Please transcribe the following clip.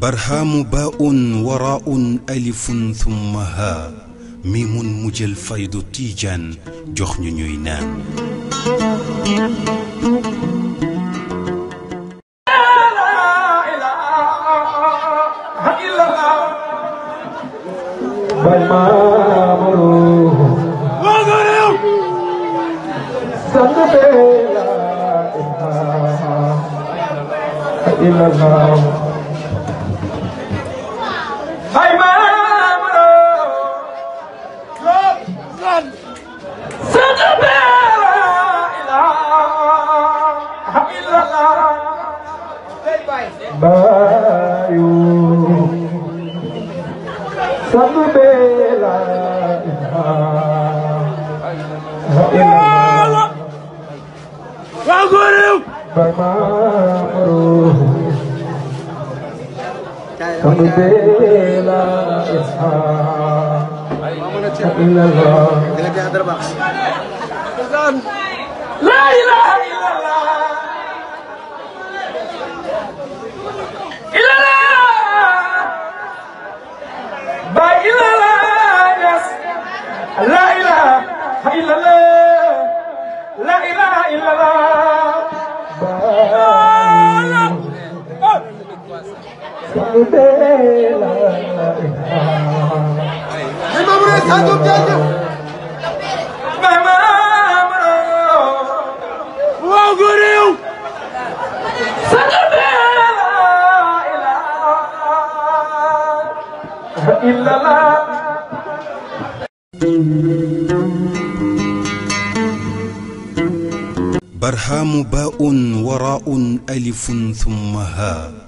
برهام باء وراء ألف ثم ها ميم مجل فيض تيجان جخن نينان Santa Fe إلا الله Bayu, satu bela, Bayu, Bayu, Bayu, بلا إسحاق إلا الله لا إله إلا الله إلا الله لا إله إلا الله إلا الله برهام باء وراء ألف ثم هاء